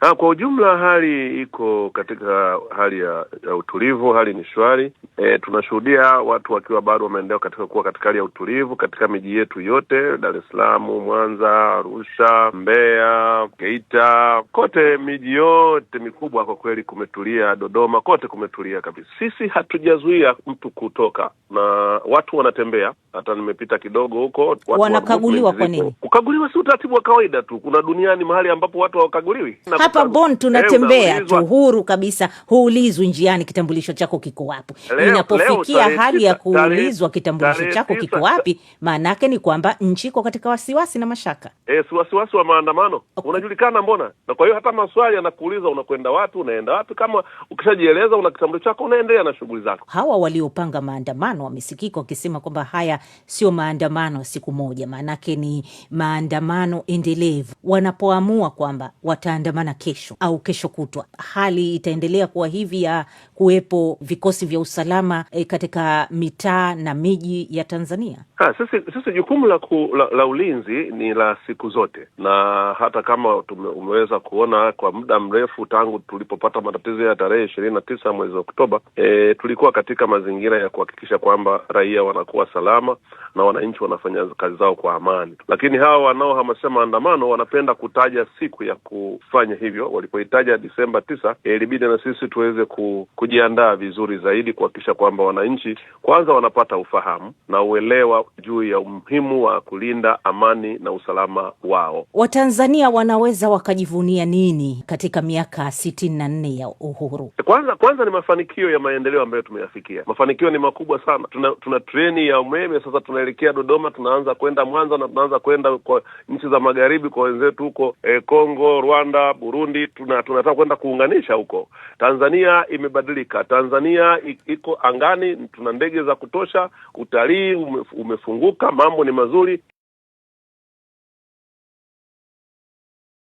Ha, ah, kwa ujumla hali iko katika hali ya, ya utulivu, hali ni shwari. E, tunashuhudia watu wakiwa bado wameendelea katika kuwa katika hali ya utulivu katika miji yetu yote, Dar es Salaam, Mwanza, Arusha, Mbeya, Geita, kote miji yote mikubwa kwa kweli kumetulia, Dodoma, kote kumetulia kabisa. Sisi hatujazuia mtu kutoka na watu wanatembea, hata nimepita kidogo huko. Wanakaguliwa kwa nini? Kukaguliwa si utaratibu wa kawaida tu, kuna duniani mahali ambapo watu hawakaguliwi. Hapa Bon tunatembea eh, tu huru kabisa, huulizwi njiani kitambulisho chako kiko wapi inapofikia hali ya kuulizwa kitambulisho chako kiko wapi, maanake ni kwamba nchi iko katika wasiwasi na mashaka e, eh, wasiwasi wa maandamano okay. Unajulikana mbona, na kwa hiyo hata maswali yanakuuliza unakwenda wapi, unaenda wapi. Kama ukishajieleza una kitambulisho chako, unaendelea na shughuli zako. Hawa waliopanga maandamano wamesikika wakisema kwamba haya sio maandamano siku moja, maanake ni maandamano endelevu. Wanapoamua kwamba wataandamana kesho au kesho kutwa, hali itaendelea kuwa hivi ya kuwepo vikosi vya usalama usalama e, eh, katika mitaa na miji ya Tanzania? Ha, sisi, sisi jukumu la, ku, la, la ulinzi ni la siku zote, na hata kama tume, umeweza kuona kwa muda mrefu tangu tulipopata matatizo ya tarehe ishirini na tisa mwezi Oktoba e, tulikuwa katika mazingira ya kuhakikisha kwamba raia wanakuwa salama na wananchi wanafanya kazi zao kwa amani, lakini hawa wanaohamasisha maandamano wanapenda kutaja siku ya kufanya hivyo. Walipoitaja Disemba tisa, eh, ilibidi na sisi tuweze ku, kujiandaa vizuri zaidi kuhakikisha kuhakikisha kwamba wananchi kwanza wanapata ufahamu na uelewa juu ya umuhimu wa kulinda amani na usalama wao. Watanzania wanaweza wakajivunia nini katika miaka sitini na nne ya uhuru? Kwanza kwanza ni mafanikio ya maendeleo ambayo tumeyafikia. Mafanikio ni makubwa sana. Tuna, tuna treni ya umeme sasa, tunaelekea Dodoma, tunaanza kwenda Mwanza na tunaanza kwenda kwa nchi za magharibi kwa wenzetu huko eh, Kongo, eh, Rwanda, Burundi. Tunataka tuna kwenda kuunganisha huko. Tanzania imebadilika. Tanzania iko angani, tuna ndege za kutosha, utalii umefunguka, mambo ni mazuri.